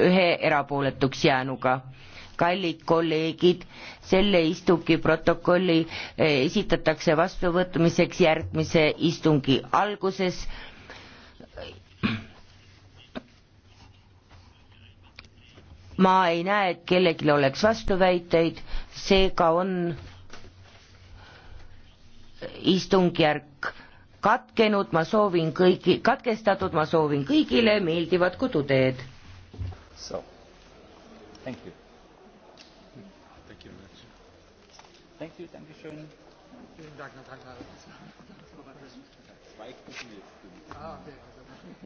ühe erapooletuks jäänuga. kallid kolleegid, selle istungi protokolli eh, esitatakse vastuvõtmiseks järgmise istungi alguses. ma ei näe, et kellelgi oleks vastuväiteid, seega on istungjärk katkenud, ma soovin kõigi, katkestatud, ma soovin kõigile meeldivat koduteed. So, thank you. Thank you very much. Thank you, danke schön. Vielen Dank, Herr Dankler. Zwei Gruppen jetzt. Ah, okay.